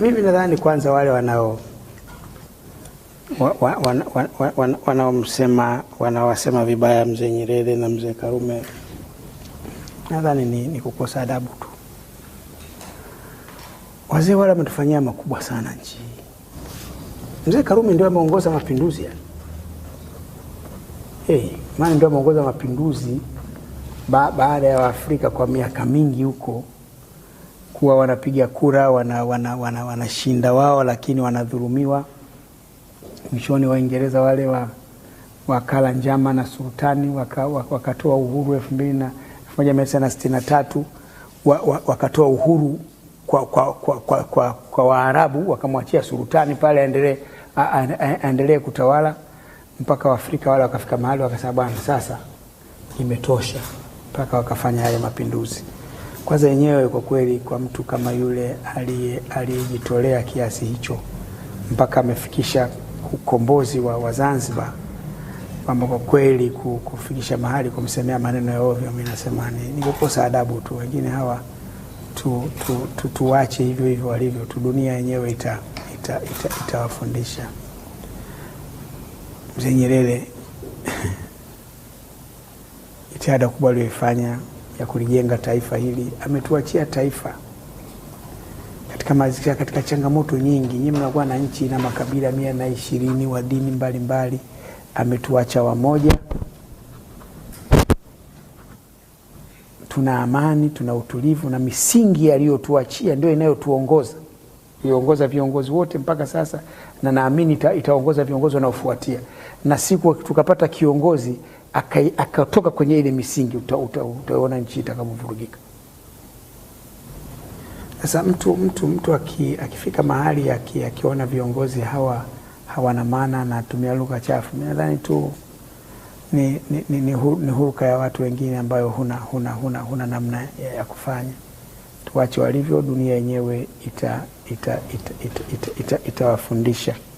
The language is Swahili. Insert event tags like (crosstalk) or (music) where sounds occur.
Mimi nadhani kwanza wale wanao wanaomsema wanawasema vibaya mzee Nyerere na mzee Karume nadhani ni, ni kukosa adabu tu. Wazee wale wametufanyia makubwa sana nchi. Mzee Karume ndio ameongoza mapinduzi yani. Hey, maana ndio ameongoza mapinduzi ba, baada ya Waafrika kwa miaka mingi huko kuwa wanapiga kura wanashinda wana, wana, wana wao, lakini wanadhulumiwa. Mwishoni Waingereza wale wa, wakala njama na sultani wakatoa waka, uhuru elfu mbili na elfu moja mia tisa na sitini na tatu wakatoa uhuru kwa, kwa, kwa, kwa, kwa, kwa Waarabu wakamwachia sultani pale aendelee aendelee kutawala mpaka Waafrika wale wakafika mahali wakasema bwana, sasa imetosha, mpaka wakafanya hayo mapinduzi. Kwanza yenyewe kwa kweli, kwa mtu kama yule aliyejitolea kiasi hicho mpaka amefikisha ukombozi wa, wa Zanzibar, kwamba kwa kweli kufikisha mahali kumsemea maneno ya ovyo, mimi nasema ni nikukosa adabu tu. Wengine hawa tu, tu, tu, tuwache hivyo hivyo walivyo tu, dunia yenyewe itawafundisha ita, ita, ita. Mzee Nyerere (laughs) jitihada kubwa aliyoifanya ya kulijenga taifa hili. Ametuachia taifa katika mazingira, katika changamoto nyingi. Nyinyi mnakuwa na nchi na makabila mia na ishirini wa dini mbalimbali, ametuacha wamoja, tuna amani, tuna utulivu, na misingi aliyotuachia ndio inayotuongoza iongoza viongozi wote mpaka sasa, na naamini itaongoza viongozi wanaofuatia, na siku tukapata kiongozi akatoka kwenye ile misingi, utaona nchi itakavyovurugika. Sasa mtu, mtu, mtu aki, akifika mahali aki, akiona viongozi hawa hawana maana na tumia lugha chafu, mi nadhani tu ni, ni, ni, ni, hu, ni huruka ya watu wengine ambayo huna, huna, huna, huna namna ya, ya kufanya. Tuwache walivyo, dunia yenyewe itawafundisha ita, ita, ita, ita, ita, ita